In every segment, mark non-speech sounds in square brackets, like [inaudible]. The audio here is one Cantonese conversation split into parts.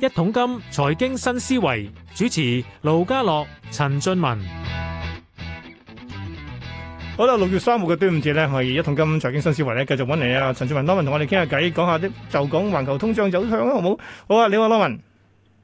一桶金財經新思維，主持盧家樂、陳俊文。好啦，六月三號嘅端午節咧，我哋一桶金財經新思維咧，繼續揾你啊，陳俊文，撈文同我哋傾下偈，講下啲就講環球通脹走向啦，好唔好？好啊，你好，撈文。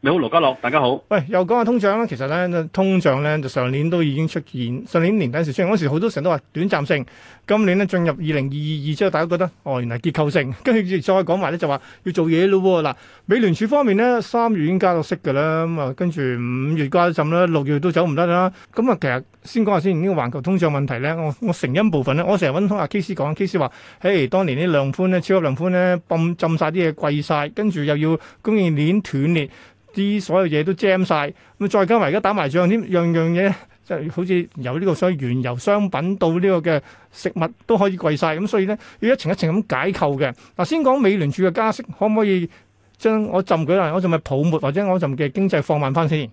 你好，羅家樂，大家好。喂，又講下通脹啦。其實咧，通脹咧就上年都已經出現，上年年底時出現，嗰時好多成日都話短暫性。今年咧進入二零二二二之後，大家覺得哦，原來結構性。跟住再講埋咧，就話要做嘢咯。嗱，美聯儲方面呢，三月已經加到息噶啦，咁啊，跟住五月加浸啦，六月都走唔得啦。咁啊，其實先講下先呢、呢個環球通脹問題咧，我我成因部分咧，我成日搵通阿 KC 講，KC 話，嘿，當年啲量寬咧，超級量寬咧，泵浸晒啲嘢貴晒，跟住又要供應鏈斷裂。啲所有嘢都 jam 曬，咁再加埋而家打埋仗，啲樣樣嘢即係、好似由呢個商原油商品到呢個嘅食物都可以貴晒。咁所以咧，要一層一層咁解構嘅。嗱，先講美聯儲嘅加息，可唔可以將我浸佢啦？我浸嘅泡沫或者我浸嘅經濟放慢翻先？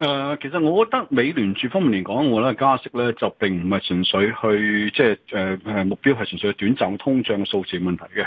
誒、呃，其實我覺得美聯儲方面嚟講呢，我咧加息咧就並唔係純粹去即係誒誒目標係純粹去短暫的通脹嘅數字問題嘅，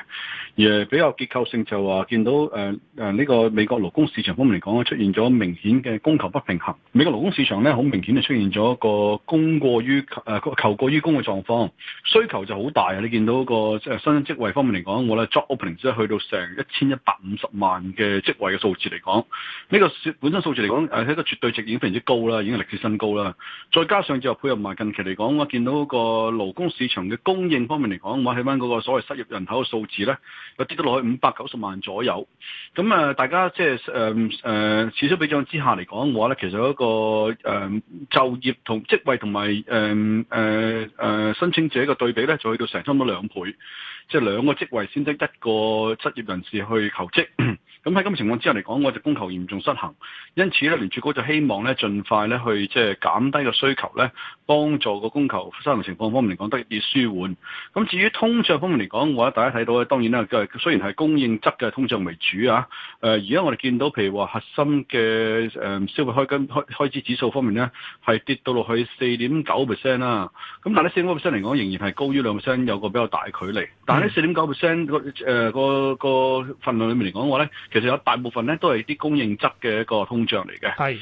而比較結構性就話見到誒誒呢個美國勞工市場方面嚟講，出現咗明顯嘅供求不平衡。美國勞工市場咧好明顯就出現咗一個供過於誒、呃、求過於供嘅狀況，需求就好大啊！你見到個即係新生職位方面嚟講，我咧 job opening 即係去到成一千一百五十萬嘅職位嘅數字嚟講，呢、這個本身數字嚟講係一個絕對值。已經非常之高啦，已經係歷史新高啦。再加上就配合埋近期嚟講，我見到個勞工市場嘅供應方面嚟講，我睇翻嗰個所謂失業人口嘅數字咧，又跌到落去五百九十萬左右。咁啊、呃，大家即係誒誒，此消彼長之下嚟講嘅話咧，其實有、那、一個誒、呃、就業同職位同埋誒誒誒申請者嘅對比咧，就去到成差唔多兩倍，即、就、係、是、兩個職位先得一個失業人士去求職。咁喺咁嘅情況之下嚟講，我哋供求嚴重失衡，因此咧，聯儲局就希望咧，盡快咧去即係減低個需求咧，幫助個供求失衡情況方面嚟講得以舒緩。咁至於通脹方面嚟講，我覺得大家睇到咧，當然啦，就雖然係供應側嘅通脹為主啊。誒、呃，而家我哋見到譬如話核心嘅誒消費開金開開支指數方面咧，係跌到落去四點九 percent 啦。咁、啊、但係四點九 percent 嚟講，仍然係高於兩 percent 有個比較大距離。但係咧四點九 percent 個誒個份量裏面嚟講，嘅話咧。其實有大部分咧都係啲供應側嘅一個通脹嚟嘅，係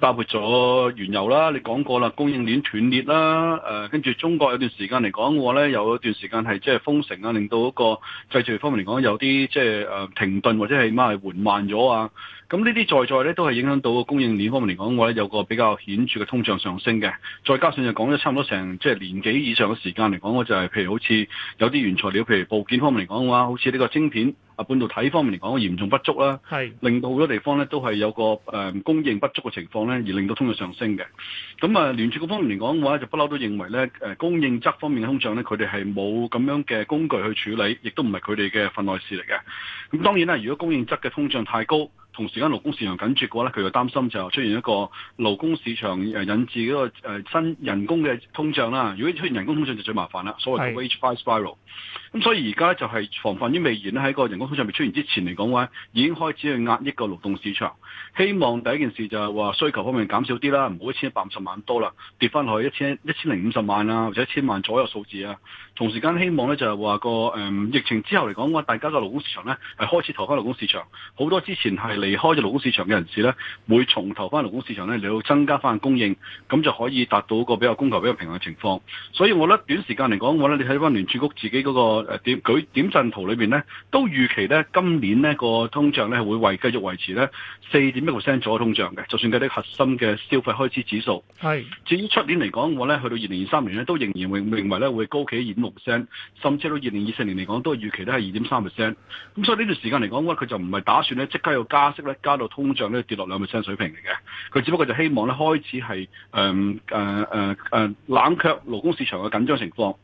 包括咗原油啦。你講過啦，供應鏈斷裂啦，誒、呃，跟住中國有段時間嚟講嘅話咧，有段時間係即係封城啊，令到一個製造業方面嚟講有啲即係停頓或者起碼係緩慢咗啊。咁呢啲在在咧都係影響到供應鏈方面嚟講嘅話呢，有個比較顯著嘅通脹上升嘅。再加上就講咗差唔多成即係年幾以上嘅時間嚟講，我就係譬如好似有啲原材料，譬如部件方面嚟講嘅話，好似呢個晶片。啊，半導體方面嚟講，嚴重不足啦，令到好多地方咧都係有個誒、呃、供應不足嘅情況咧，而令到通脹上升嘅。咁啊，聯儲局方面嚟講嘅話，就不嬲都認為咧、呃、供應側方面嘅通脹咧，佢哋係冇咁樣嘅工具去處理，亦都唔係佢哋嘅份內事嚟嘅。咁當然啦，如果供應側嘅通脹太高，同時間勞工市場緊缺嘅話咧，佢又擔心就出現一個勞工市場引致一個新人工嘅通脹啦。如果出現人工通脹就最麻煩啦，所謂叫 wage price spiral。咁、嗯、所以而家就係防範於未然喺個人工通脹未出現之前嚟講咧，已經開始去壓抑個勞動市場。希望第一件事就係話需求方面減少啲啦，唔好一千一百五十萬多啦，跌翻落去一千一千零五十萬啊，或者一千萬左右數字啊。同時間希望咧就係、是、話個、嗯、疫情之後嚟講咧，大家個勞工市場咧係開始投翻勞工市場，好多之前係離開咗勞工市場嘅人士咧，會重投翻勞工市場咧，嚟到增加翻供應，咁就可以達到個比較供求比較平衡嘅情況。所以我覺得短時間嚟講嘅話咧，你睇溫聯儲局自己嗰、那個、呃、點舉點陣圖裏邊咧，都預期咧今年呢、那個通脹咧係會維繼續維持咧四點一個 percent 左嘅通脹嘅。就算計啲核心嘅消費開支指數係，至於出年嚟講嘅話咧，去到二零二三年咧都仍然認認為咧會高企喺二點六 percent，甚至到二零二四年嚟講都係預期都係二點三 percent。咁所以呢段時間嚟講，我覺得佢就唔係打算咧即刻要加。即係加到通脹咧跌落兩 percent 水平嚟嘅，佢只不過就希望咧開始係、嗯啊啊啊、冷卻勞工市場嘅緊張情況。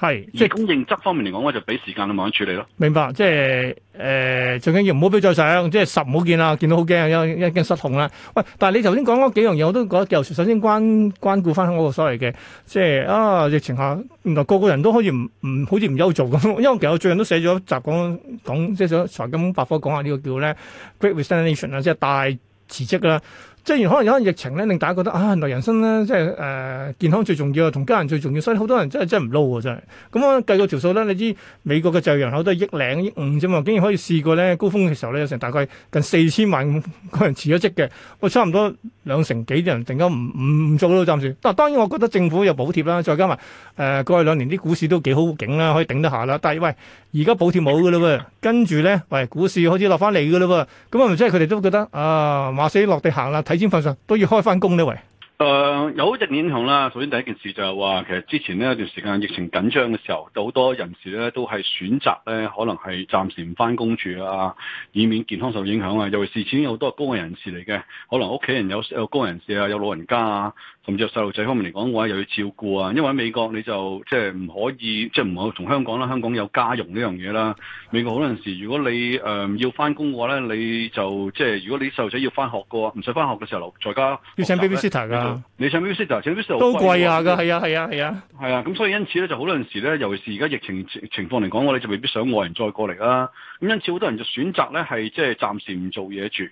係，即係供應側方面嚟講，我就俾時間佢慢慢處理咯。明白，即係誒、呃，最緊要唔好俾再上，即係十唔好見啦，見到好驚，因為一驚失控啦。喂，但係你頭先講嗰幾樣嘢，我都覺得，尤其是首先關關顧翻嗰個所謂嘅，即係啊，疫情下，原來個個人都可以唔唔好似唔憂做咁，因為我其實我最近都寫咗集講講，即係想財經百科講下呢個叫咧 Great Resignation 啊，即係大辭職啦。即係可能有個疫情咧，令大家覺得啊，原來人生咧即係誒健康最重要，同家人最重要，所以好多人真係真係唔撈喎，真係。咁我、嗯、計個條數咧，你知美國嘅就業人口都係億零億五啫嘛，竟然可以試過咧，高峰嘅時候咧，有成大概近四千萬個人辭咗職嘅，我差唔多兩成幾人，突然間唔唔做都暫時。但、啊、係當然，我覺得政府有補貼啦，再加埋誒、呃、過去兩年啲股市都幾好景啦，可以頂得下啦。但係喂，而家補貼冇嘅嘞喎，跟住咧，喂股市開始落翻嚟嘅嘞喎，咁啊，即係佢哋都覺得啊，馬死落地行啦，睇。呢份上都要開翻工啦喂。誒、uh, 有好直接影響啦。首先第一件事就係、是、話，其實之前呢一段時間疫情緊張嘅時候，好多人士咧都係選擇咧，可能係暫時唔翻工住啊，以免健康受影響啊。尤其事前是已有好多高危人士嚟嘅，可能屋企人有有高人士啊，有老人家啊，甚至細路仔方面嚟講嘅話又要照顧啊。因為喺美國你就即係唔可以，即係唔好同香港啦，香港有家用呢樣嘢啦。美國好多人時，如果你誒要翻工嘅話咧，你就即係如果你細路仔要翻學嘅話，唔使翻學嘅時候留在家要請 babysitter 噶。你請 visitor，請 visitor 都貴下噶係啊，係啊，係啊，係啊，咁、啊、所以因此咧，就好多陣時咧，尤其是而家疫情情況嚟講，我哋就未必想外人再過嚟啦、啊。咁因此好多人就選擇咧，係即係暫時唔做嘢住。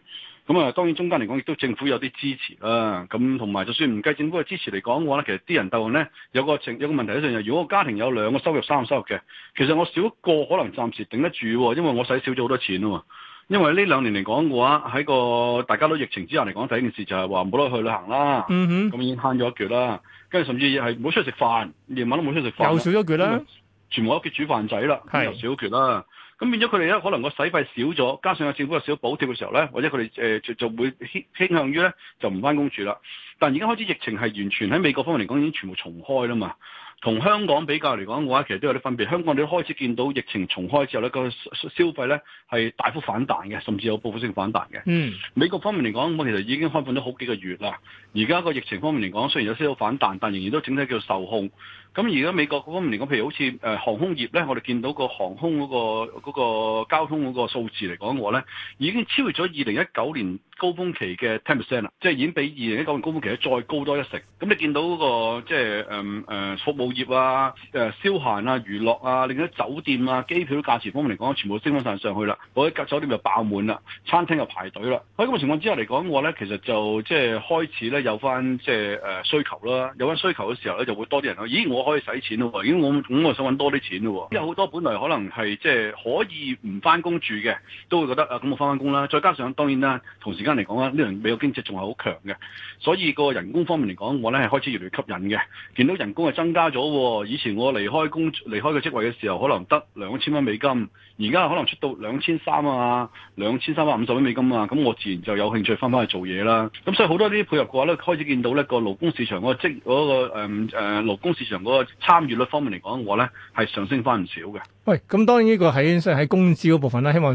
咁啊，當然中間嚟講，亦都政府有啲支持啦、啊。咁同埋就算唔計政府嘅支持嚟講嘅話咧，其實啲人就咧有個情有個問題喺度就係，如果個家庭有兩個收入、三個收入嘅，其實我少一個可能暫時頂得住、啊，因為我使少咗好多錢啊。因為呢兩年嚟講嘅話，喺個大家都疫情之下嚟講，第一件事就係話冇得去旅行啦，咁、嗯、已經慳咗一橛啦。跟住甚至係冇出去食飯，夜晚都冇出去食飯，又少咗一橛啦。全部屋企煮飯仔啦，又少一橛啦。咁變咗佢哋咧，可能個使費少咗，加上個政府有少補貼嘅時候咧，或者佢哋誒就就會傾向於咧就唔翻工住啦。但而家開始疫情係完全喺美國方面嚟講已經全部重開啦嘛。同香港比較嚟講嘅話，其實都有啲分別。香港你開始見到疫情重開之後呢個消費呢係大幅反彈嘅，甚至有報復性反彈嘅。嗯。美國方面嚟講，咁其實已經開放咗好幾個月啦。而家個疫情方面嚟講，雖然有少少反彈，但仍然都整體叫做受控。咁而家美國方面嚟講，譬如好似誒、呃、航空業呢，我哋見到個航空嗰個嗰個交通嗰個數字嚟講嘅話呢，已經超越咗二零一九年高峰期嘅 ten percent 啦，即係已經比二零一九年高峰期再高多一成。咁你見到嗰個即係誒誒服務。嗯呃業啊，誒消閒啊、娛樂啊，令啲酒店啊、機票啲價錢方面嚟講，全部升翻曬上去啦。我喺酒店就爆滿啦，餐廳就排隊啦。喺咁嘅情況之下嚟講，我咧其實就即係開始咧有翻即係誒、呃、需求啦。有翻需求嘅時候咧，就會多啲人咯。咦，我可以使錢咯，咦，我咁我，我想揾多啲錢咯。因為好多本來可能係即係可以唔翻工住嘅，都會覺得啊，咁我翻返工啦。再加上當然啦，同時間嚟講啦，呢輪美國經濟仲係好強嘅，所以個人工方面嚟講，我咧係開始越嚟越吸引嘅。見到人工係增加。咗以前我離開工離開個職位嘅時候，可能得兩千蚊美金，而家可能出到兩千三啊，兩千三百五十蚊美金啊！咁我自然就有興趣翻返去做嘢啦。咁所以好多啲配合嘅話咧，開始見到呢個勞工市場嗰、那個職嗰個誒誒勞工市場嗰個參與率方面嚟講，嘅話咧係上升翻唔少嘅。喂，咁當然呢個喺喺工資嗰部分啦，希望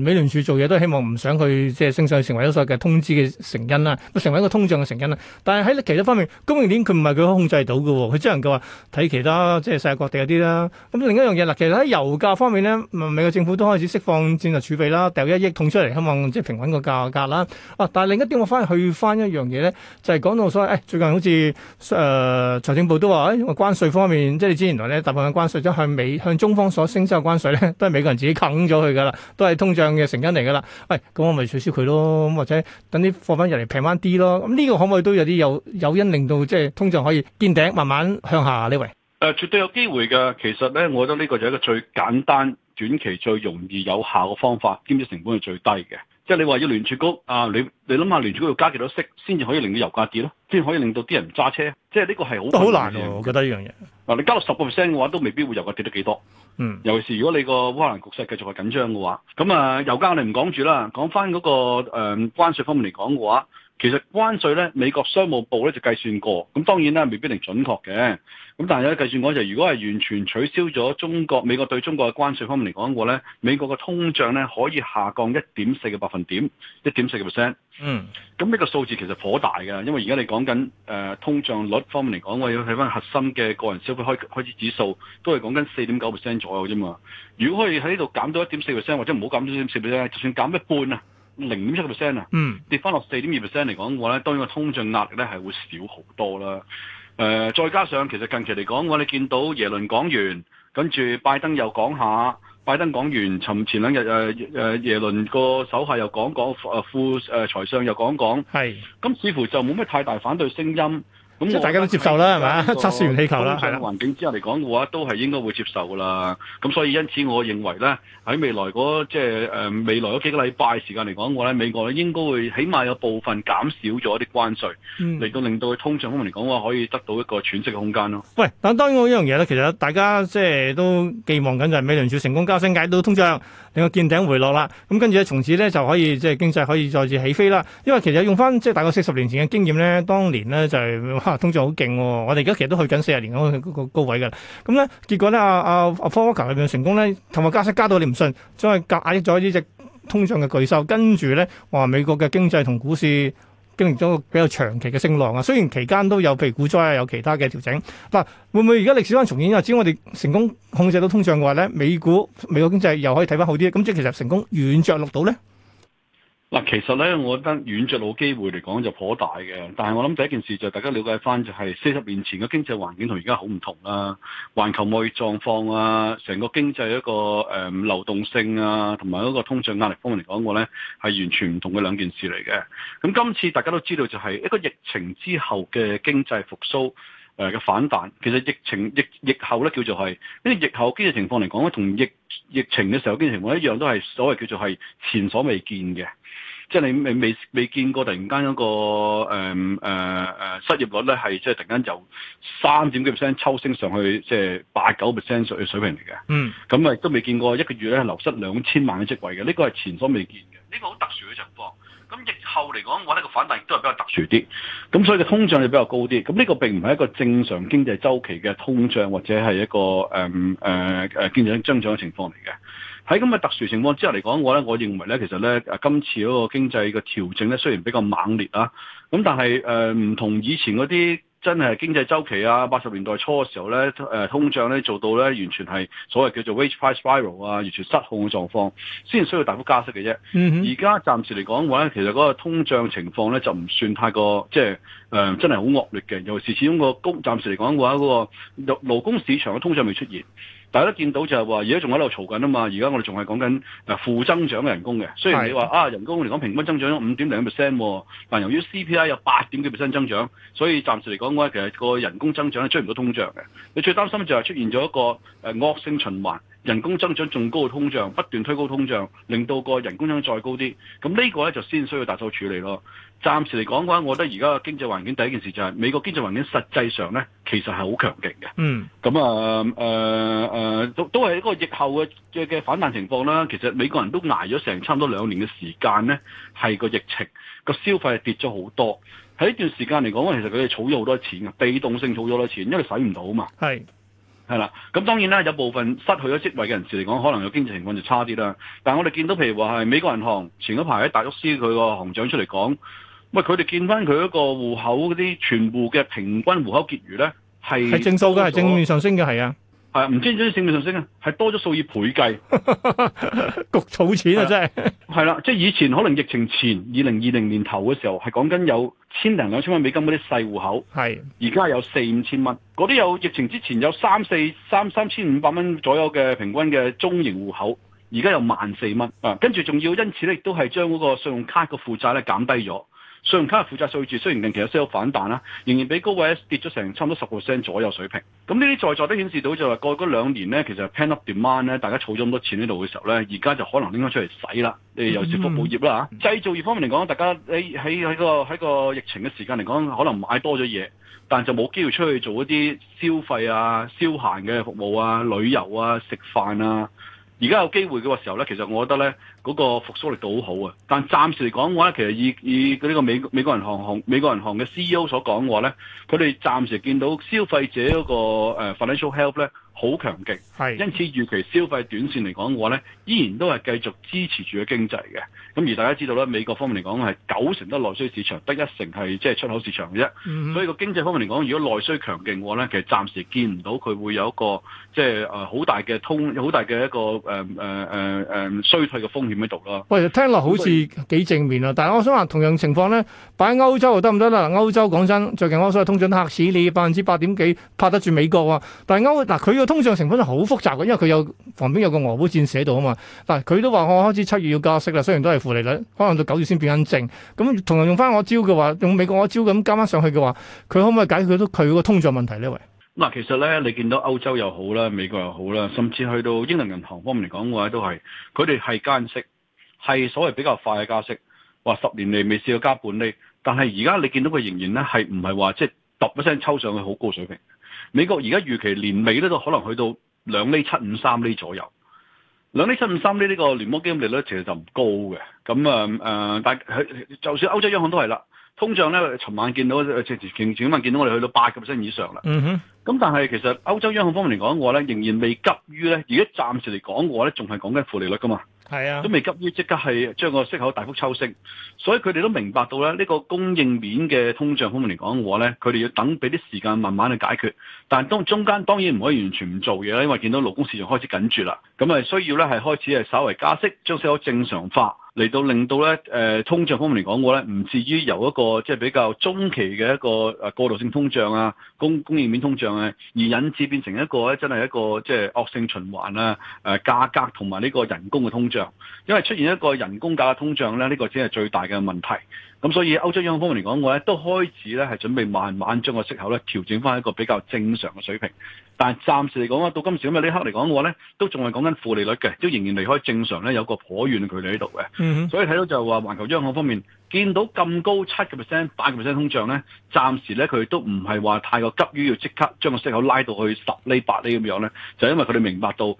美聯儲做嘢都希望唔想佢即係升上去成為一啲嘅通脹嘅成因啦，成為一個通脹嘅成因啦。但係喺其他方面，供應鏈佢唔係佢可控制到嘅，佢只能夠話。睇其他即係世界各地嗰啲啦，咁另一樣嘢啦，其實喺油價方面咧，美國政府都開始釋放戰略儲備啦，掉一億桶出嚟，希望即係平穩個價格啦。啊，但係另一點，我翻去翻一樣嘢咧，就係、是、講到所謂、哎、最近好似誒、呃、財政部都話誒、哎、關稅方面，即係你知原來咧大部分關稅即向美向中方所徵收關稅咧，都係美國人自己啃咗佢噶啦，都係通脹嘅成因嚟噶啦。喂、哎，咁我咪取消佢咯，咁或者等啲貨品入嚟平翻啲咯。咁、這、呢個可唔可以都有啲有有因令到即係通脹可以見頂慢慢向下？啊！呢位，誒、呃，絕對有機會嘅。其實咧，我覺得呢個就係一個最簡單、短期、最容易有效嘅方法，兼且成本係最低嘅。即係你話要聯儲局啊，你你諗下聯儲局要加幾多息，先至可，可以令到油價跌咯？先可以令到啲人揸車。即係呢個係好好難嘅。我覺得呢樣嘢。嗱、呃，你加到十個 percent 嘅話，都未必會油價跌得幾多。嗯，尤其是如果你個烏克蘭局勢繼續係緊張嘅話，咁啊、呃，油價我哋唔講住啦。講翻嗰個誒、呃、關稅方面嚟講嘅話。其實關稅咧，美國商務部咧就計算過，咁當然咧未必定準確嘅。咁但係有啲計算講就係、是，如果係完全取消咗中國美國對中國嘅關稅方面嚟講嘅話咧，美國嘅通脹咧可以下降一點四嘅百分點，一點四嘅 percent。嗯。咁呢個數字其實頗大嘅，因為而家你講緊誒通脹率方面嚟講，我要睇返核心嘅個人消費開開支指數，都係講緊四點九 percent 左右啫嘛。如果可以喺呢度減到一點四 percent，或者唔好減到一點四 percent，就算減一半啊！零點七個 percent 啊，跌翻落四點二 percent 嚟講嘅話咧，當然個通脹壓力咧係會少好多啦。誒、呃，再加上其實近期嚟講我哋你見到耶倫講完，跟住拜登又講下，拜登講完，尋前兩日，誒誒耶倫個手下又講講，誒副誒財相又講講，係，咁似乎就冇咩太大反對聲音。咁大家都接受啦，係咪？測試完氣球啦，咁嘅環境之下嚟講嘅話，都係應該會接受啦。咁所以因此，我認為咧，喺未來嗰即係誒未來嗰幾個禮拜時間嚟講嘅話咧，美國咧應該會起碼有部分減少咗啲關稅，嚟、嗯、到令到佢通脹方面嚟講嘅話，可以得到一個喘息嘅空間咯。喂，但當然我一樣嘢咧，其實大家即係都寄望緊就係美聯儲成功加息解到通脹。個見頂回落啦，咁跟住咧，從此咧就可以即係經濟可以再次起飛啦。因為其實用翻即係大概四十年前嘅經驗咧，當年咧就係、是、哇通脹好勁，我哋而家其實都去緊四十年嗰個高位噶。咁、嗯、咧，結果咧，阿阿阿 Volcker 入邊成功咧，同埋加息加到你唔信，將佢壓抑咗呢隻通脹嘅巨獸，跟住咧話美國嘅經濟同股市。經歷咗個比較長期嘅升浪啊，雖然期間都有譬如股災啊，有其他嘅調整。嗱，會唔會而家歷史上重演啊？只要我哋成功控制到通脹嘅話咧，美股美國經濟又可以睇翻好啲，咁即係其實成功軟着陸到咧。嗱，其實咧，我覺得軟著陸機會嚟講就頗大嘅。但係我諗第一件事就大家了解返，就係四十年前嘅經濟環境和現在很不同，而家好唔同啦。環球貿易狀況啊，成個經濟一個誒、嗯、流動性啊，同埋一個通脹壓力方面嚟講我咧，係完全唔同嘅兩件事嚟嘅。咁今次大家都知道，就係一個疫情之後嘅經濟復甦誒嘅反彈。其實疫情疫疫後咧，叫做係呢啲疫後經濟情況嚟講咧，同疫疫情嘅時候的經濟情況一樣，都係所謂叫做係前所未見嘅。即係你未未未見過，突然間一個誒誒誒失業率咧係即係突然間由三點幾 percent 抽升上去，即係八九 percent 水水平嚟嘅。嗯，咁啊亦都未見過一個月咧流失兩千萬嘅職位嘅，呢個係前所未見嘅，呢個好特殊嘅情況。咁疫後嚟講，我覺得個反彈亦都係比較特殊啲。咁所以嘅通脹又比較高啲。咁呢個並唔係一個正常經濟周期嘅通脹或者係一個誒誒誒經濟增長嘅情況嚟嘅。喺咁嘅特殊情況之下嚟講，我咧，我認為咧，其實咧，誒，今次嗰個經濟嘅調整咧，雖然比較猛烈啊，咁但係誒，唔同以前嗰啲真係經濟周期啊，八十年代初嘅時候咧，誒，通脹咧做到咧，完全係所謂叫做 wage-price spiral 啊，完全失控嘅狀況，先需要大幅加息嘅啫。嗯哼。而家暫時嚟講嘅話咧，其實嗰個通脹情況咧就唔算太過，即係誒，真係好惡劣嘅。尤其是始終個工，暫時嚟講嘅話，嗰個勞工市場嘅通脹未出現。大家都見到就係話，而家仲喺度嘈緊啊嘛！而家我哋仲係講緊誒負增長嘅人工嘅。雖然你話啊，人工嚟講平均增長咗五點零 percent，但由於 CPI 有八點幾 percent 增長，所以暫時嚟講嘅話，其實個人工增長係追唔到通脹嘅。你最擔心就係出現咗一個誒、呃、惡性循環。人工增長仲高嘅通脹，不斷推高通脹，令到個人工增長再高啲，咁呢個呢，就先需要大手處理咯。暫時嚟講嘅話，我覺得而家嘅經濟環境第一件事就係、是、美國經濟環境實際上呢，其實係好強勁嘅。嗯。咁、呃、啊，誒、呃呃、都都係一個疫後嘅嘅反彈情況啦。其實美國人都挨咗成差唔多兩年嘅時間呢，係個疫情個消費係跌咗好多。喺呢段時間嚟講，其實佢哋儲咗好多錢嘅，被動性儲咗好多錢，因為使唔到啊嘛。係。係啦，咁當然啦，有部分失去咗職位嘅人士嚟講，可能個經濟情況就差啲啦。但我哋見到，譬如話係美國銀行前嗰排喺達沃斯佢個行長出嚟講，喂，佢哋見翻佢一個戶口嗰啲全部嘅平均戶口結餘咧，係係正數㗎，係正面上升㗎，係啊。唔知唔知升唔上升啊？係多咗數以倍計， [laughs] 焗儲錢啊！真係係啦，即 [laughs] 係、啊就是、以前可能疫情前二零二零年頭嘅時候，係講緊有千零兩千蚊美金嗰啲細戶口，係而家有四五千蚊，嗰啲有疫情之前有三四三三,三千五百蚊左右嘅平均嘅中型戶口，而家有萬四蚊，啊，跟住仲要因此咧，亦都係將嗰個信用卡嘅負債咧減低咗。信用卡嘅負債數字，雖然近期有少反彈啦，仍然比高位跌咗成差唔多十個 percent 左右水平。咁呢啲在座都顯示到就係、是、過嗰兩年咧，其實 pan up demand 咧，大家儲咗咁多錢喺度嘅時候咧，而家就可能拎翻出嚟使啦。你哋又是服務業啦嚇，製、嗯嗯、造業方面嚟講，大家喺喺個喺個疫情嘅時間嚟講，可能買多咗嘢，但就冇機會出去做一啲消費啊、消閒嘅服務啊、旅遊啊、食飯啊。而家有機會嘅時候咧，其實我覺得咧。嗰個復甦力度好好啊，但暫時嚟講嘅話咧，其實以以呢個美美國銀行美國銀行嘅 CEO 所講嘅話咧，佢哋暫時見到消費者嗰個、呃、financial health 咧好強勁，係，因此預期消費短線嚟講嘅話咧，依然都係繼續支持住個經濟嘅。咁而大家知道咧，美國方面嚟講係九成都內需市場，得一成係即係出口市場嘅啫。所以個經濟方面嚟講，如果內需強勁嘅話咧，其實暫時見唔到佢會有一個即係誒好大嘅通好大嘅一個誒誒誒誒衰退嘅風險。讀咯？喂，聽落好似幾正面啊！但係我想話，同樣情況咧，擺歐洲得唔得啦？歐洲講真，最近我所謂通脹嚇死你百分之八點幾拍得住美國啊。但係歐，嗱，佢個通脹成分好複雜嘅，因為佢有旁邊有個俄烏戰喺度啊嘛。但係佢都話我開始七月要加息啦，雖然都係負利率，可能到九月先變緊正。咁同樣用翻我招嘅話，用美國我招咁加翻上去嘅話，佢可唔可以解決到佢個通脹問題呢？喂？嗱，其實咧，你見到歐洲又好啦，美國又好啦，甚至去到英倫銀行方面嚟講嘅話，都係佢哋係加息，係所謂比較快嘅加息。話十年嚟未試過加半厘，但係而家你見到佢仍然咧係唔係話即係揼一聲抽上去好高水平。美國而家預期年尾咧都可能去到兩厘七五三厘左右，兩厘七五三厘呢個聯邦基金利率其實就唔高嘅。咁啊、呃、但係就算歐洲央行都係啦。通脹咧，尋晚見到誒，直前前晚見到我哋去到八個 percent 以上啦。嗯哼。咁但係其實歐洲央行方面嚟講嘅話咧，仍然未急於咧，如果暫時嚟講嘅話咧，仲係講緊負利率㗎嘛。係啊。都未急於即刻係將個息口大幅抽升，所以佢哋都明白到咧，呢、這個供應面嘅通脹方面嚟講嘅話咧，佢哋要等俾啲時間慢慢去解決。但係當中間當然唔可以完全唔做嘢啦，因為見到勞工市場開始緊住啦，咁咪需要咧係開始係稍微加息，將息口正常化。嚟到令到咧，誒通脹方面嚟講，過咧唔至於由一個即係比較中期嘅一個誒過渡性通脹啊，供供應面通脹啊，而引致變成一個咧真係一個即係惡性循環啊！誒、啊、價格同埋呢個人工嘅通脹，因為出現一個人工價格通脹咧，呢、這個先係最大嘅問題。咁所以歐洲央行方面嚟講，我哋都開始咧係準備慢慢將個息口咧調整翻一個比較正常嘅水平，但係暫時嚟講啊，到今時今日呢刻嚟講，我哋都仲係講緊負利率嘅，都仍然離開正常咧有個頗遠嘅距離喺度嘅。嗯，所以睇到就話環球央行方面。見到咁高七個 percent、八個 percent 通脹咧，暫時咧佢都唔係話太過急於要即刻將個息口拉到去十厘、八厘咁樣咧，就因為佢哋明白到誒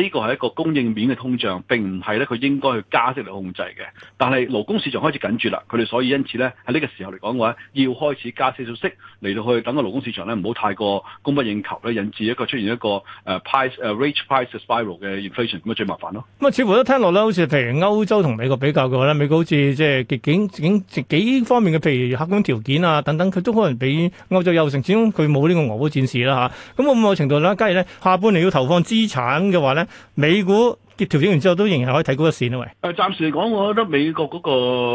呢個係一個供應面嘅通脹，並唔係咧佢應該去加息嚟控制嘅。但係勞工市場開始緊住啦，佢哋所以因此咧喺呢個時候嚟講嘅話，要開始加少少息嚟到去等個勞工市場咧唔好太過供不應求咧，引致一個出現一個誒 price、uh, rate price spiral 嘅 inflation 咁啊最麻煩咯。咁啊，似乎都聽落咧好似譬如歐洲同美國比較嘅話咧，美國好似即係已經幾方面嘅，譬如客觀條件啊等等，佢都可能比歐洲有成，始終佢冇呢個俄烏戰事啦吓。咁、啊、我某程度啦，假如咧下半年要投放資產嘅話咧，美股。調整完之後都仍然可以睇高一線咯、啊。喂、呃，誒，暫時嚟講，我覺得美國嗰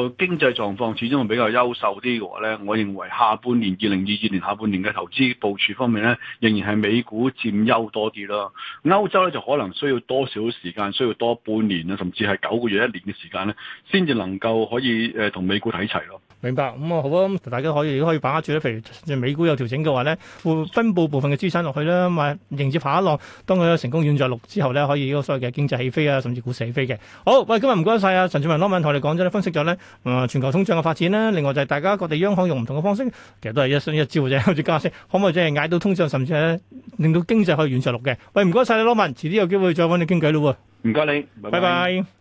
個經濟狀況始終係比較優秀啲嘅話咧。我認為下半年二零二二年下半年嘅投資部署方面咧，仍然係美股佔優多啲咯。歐洲咧就可能需要多少時間，需要多半年啊，甚至係九個月、一年嘅時間咧，先至能夠可以誒同、呃、美股睇齊咯。明白，咁、嗯、啊好啊，大家可以如果可以把握住咧。譬如美股有調整嘅話咧，會分佈部，部分嘅資產落去啦，咁啊迎接下一浪。當佢成功軟着陸之後咧，可以呢個所謂嘅經濟起飛啊，甚至股市起飛嘅。好，喂，今日唔該晒啊，陳俊文羅文同我哋講咗分析咗咧、嗯，全球通脹嘅發展啦。另外就係大家各地央行用唔同嘅方式，其實都係一,一招一招者好似加息，可唔可以即係嗌到通脹，甚至係令到經濟可以軟着陸嘅？喂，唔該晒，你羅文，遲啲有機會再揾你傾偈咯唔該你，拜拜。拜拜。